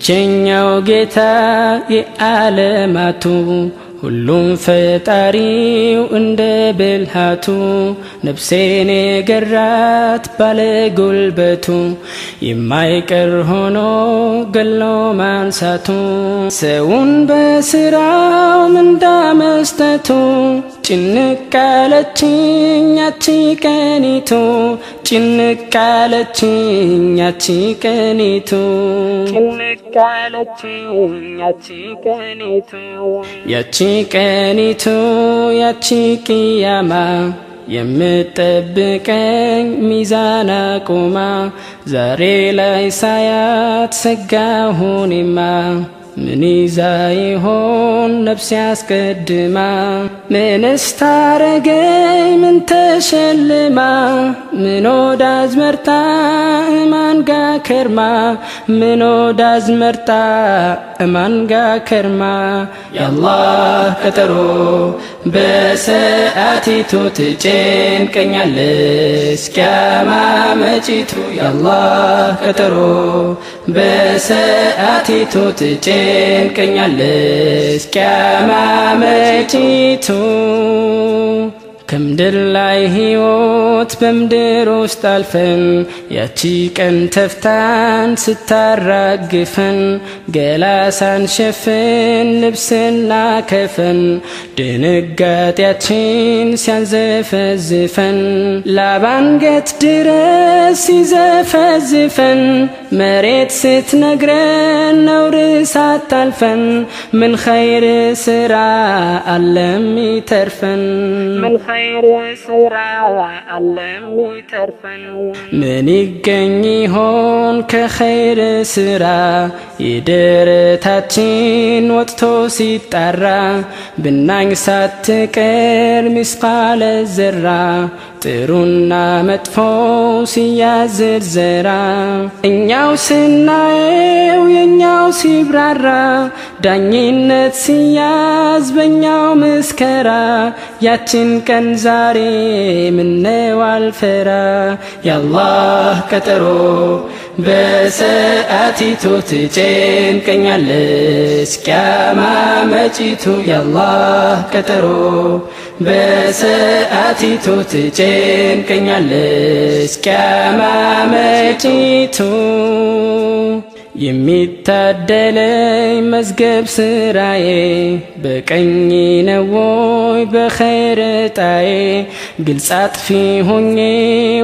ብቸኛው ጌታ የዓለማቱ ሁሉም ፈጣሪው እንደ ብልሃቱ ነፍሴን የገራት ባለ ጉልበቱ የማይቀር ሆኖ ገሎ ማንሳቱ ሰውን በስራው ምንዳ መስጠቱ ጭንቃለችኝ ያቺ ቀኒቱ ጭንቃለችኝ ያቺ ቀኒቱ ያቺ ቀኒቱ ያቺ ቅያማ የምጠብቀኝ ሚዛን አቁማ ዛሬ ላይ ሳያት ሰጋሁኔማ ምን ይዛ ይሆን ነፍስ ያስቀድማ ምንስ ታረገኝ ምን ተሸልማ ምን ወዳዝ መርታ እማንጋ ከርማ ምን ወዳዝ መርታ እማንጋ ከርማ የአላህ ቀጠሮ በሰዓቲቱ ትጨንቀኛለች እስኪያማ መጪቱ የአላህ ቀጠሮ በሰዓቲቱ ትጨንቀኛለች ቀማመቲቱ ከምድር ላይ ሕይወት በምድር ውስጥ አልፈን ያቺ ቀን ተፍታን ስታራግፈን ገላ ሳንሸፍን ልብስና ከፈን ድንጋጤያችን ሲያንዘፈዝፈን ላባንገት ድረስ ሲዘፈዝፈን መሬት ስትነግረን ነውር ሳታልፈን ምን ኸይር ስራ አለም ይተርፈን ኸይሩ ሹራዋ አለው ተርፈነው ምን ይገኝ ይሆን ከኸይር ስራ የደረታችን ወጥቶ ሲጣራ ብናኝ ሳትቀር ምስቃለ ዘራ ጥሩና መጥፎ ሲያዝር እኛው ስናየው የኛው ሲብራራ ዳኝነት ሲያዝ በኛው ምስከራ ያችን ቀን ዛሬ ምነው አልፈራ የአላህ ቀጠሮ በሰዓቲቱ ትጨንቀኛለች ቅያማ መጪቱ የአላህ ቀጠሮ በሰአቲቱ ትጨንቀኛለች ቅያማ መጪቱ የሚታደለኝ መዝገብ ስራዬ በቀኝ ነዎይ በኸይር ጣዬ ግልጽ አጥፊ ሆኜ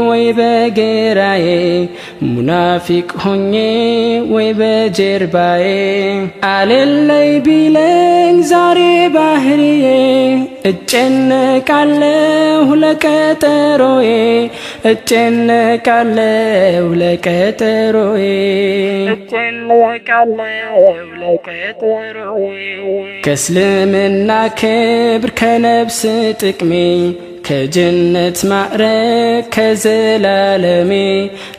ወይ በግራዬ ሙናፊቅ ሆኜ ወይ በጀርባዬ አለለይ ቢለኝ ዛሬ ባህርዬ እጨነቃለሁ ለቀጠሮዬ እጨነቃለሁ ለቀጠሮዬ ከእስልምና ክብር ከነብስ ጥቅሜ ከጀነት ማዕረግ ከዘላለሜ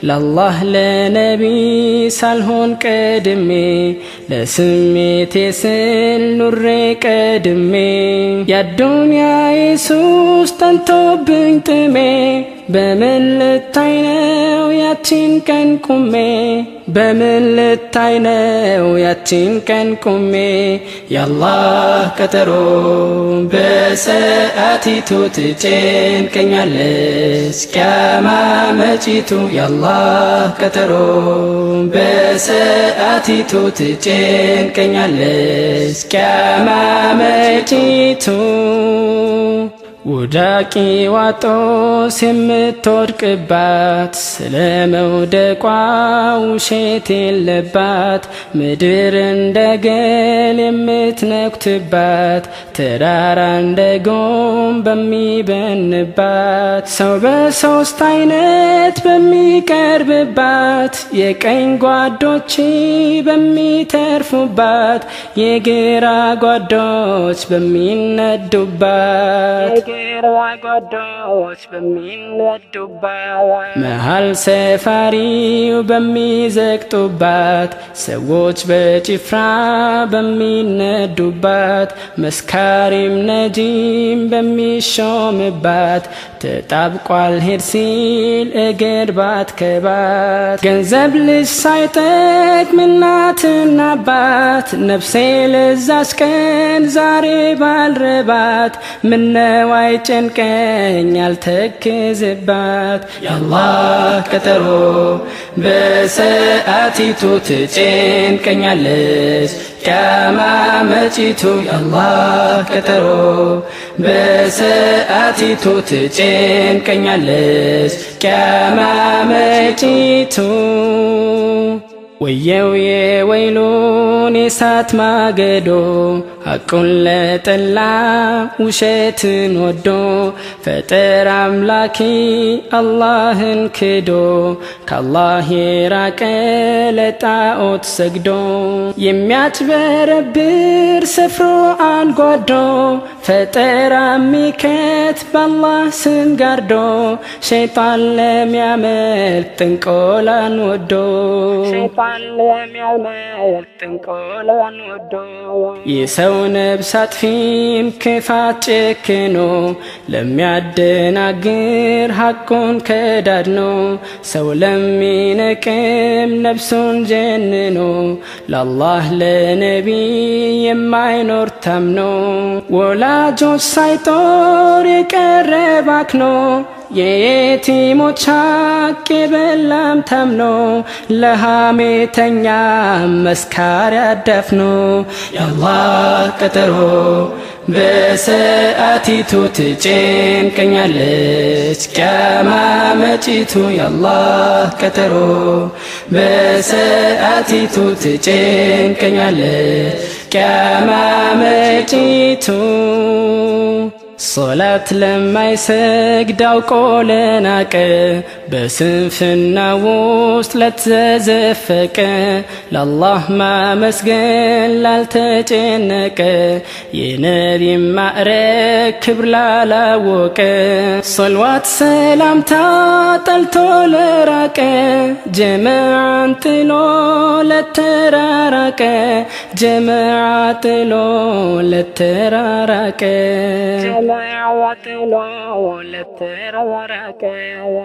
ለአላህ ለነቢ ሳልሆን ቀድሜ ለስሜቴ ስል ኑሬ ቀድሜ ያዱንያ ኢየሱስ ጠንቶብኝ ጥሜ በምን ልታይ ነው ያቺን ቀን ቁሜ በምን ልታይ ነው ያቺን ቀን ቁሜ የአላህ ቀጠሮ በሰዓቲቱ ትጨንቀኛለች ቅያማ መጪቱ የአላህ ቀጠሮ በሰዓቲቱ ትጨንቀኛለች ቅያማ መጪቱ ውዳቂ ዋጦስ የምትወድቅባት ስለ መውደቋ ውሸት የለባት ምድር እንደ ገል የምትነኩትባት ተራራ እንደ ጎም በሚበንባት ሰው በሶስት አይነት በሚቀርብባት የቀኝ ጓዶች በሚተርፉባት የግራ ጓዶች በሚነዱባት ጓዶች በሚነዱባት መሃል ሰፋሪው በሚዘግጡባት ሰዎች በጭፍራ በሚነዱባት መስካሪም ነጂም በሚሾምባት ተጣብቋል ሄድ ሲል እግር ከባት ገንዘብ ልጅ ሳይጠቅም እናትና አባት ነፍሴ ለዛስ ቀን ዛሬ ባልረባት ምነው አይጨንቀኝ አልተክዝባት የአላህ ቀጠሮ በሰዓቲቱ ትጨንቀኛለች ቅያማ መጪቱ የአላህ ቀጠሮ በሰዓቲቱ ትጨንቀኛለች ቅያማ መጪቱ ወየውዬ ወይሉን የሳት ማገዶ ሐቁን ለጠላ ውሸትን ወዶ ፈጠር አምላኬ አላህን ክዶ ከአላህ የራቀ ለጣዖት ሰግዶ የሚያጭበረብር ሰፍሮ አንጓዶ ፈጠራ ሚከት ባላህ ስም ጋርዶ ሸይጣን ለሚያመል ጥንቆላን ወዶ ወዶ نفس اطفيم كيفا شكنو لم يدناجر حقون كدرنو سو لم ينكم نفسون جننو لله لنبي يما ينور تمنو ولا جو سايطور يقربك نو የቲሞች ሐቅ የበላም ታምኖ ለሐሜተኛ መስካሪ አዳፍኖ የአላህ ቀጠሮ በሰአቲቱ ትጨንቀኛለች ቂያማ መጪቱ የአላህ ቀጠሮ በሰአቲቱ ትጨንቀኛለች ቂያማ መጪቱ ሶላት ለማይሰግድ አውቆ ለናቀ በስንፍና ውስጥ ለተዘፈቀ ለአላህ ማመስገን ላልተጨነቀ የነቢ ማዕረግ ክብር ላላወቀ ሶልዋት ሰላምታ ጠልቶ ለራቀ ጀመዓን ጥሎ ለተራራቀ ጀመዓ ጥሎ ለተራራቀ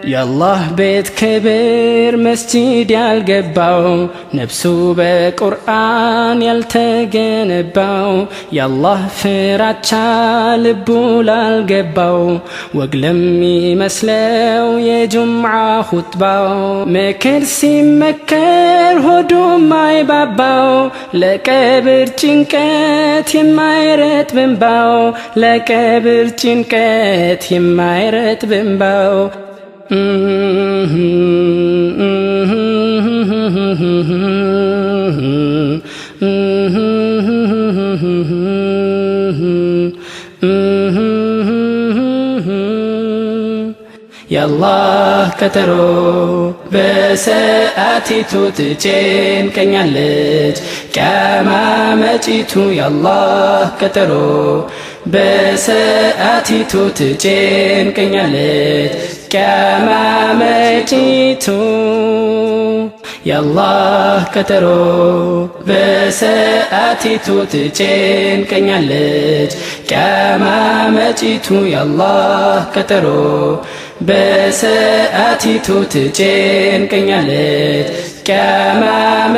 يا الله بيت كبير مسجد يالقباو نبسو بقرآن يالتقنباو يا الله فراتشا لبولا القباو وقلمي مسلو يا جمعة خطباو ما مكرسي مكر هدو ماي باباو لكبر تشنكات يمايرت بنباو لكبر የእግዚአብሔር ጭንቀት የማይረት ብንባው የአላህ ቀጠሮ በሰዓቲቱ ትጨንቀኛለች ቂያማ መጪቱ የአላህ ቀጠሮ በሰዓቲቱ ትጨንቀኛለች ቂያማ መጪቱ የአላህ ቀጠሮ በሰዓቲቱ ትጨንቀኛለች ቅያማ የአላህ ቀጠሮ በሰአቲቱ ትጨንቀኛለች ቅያማ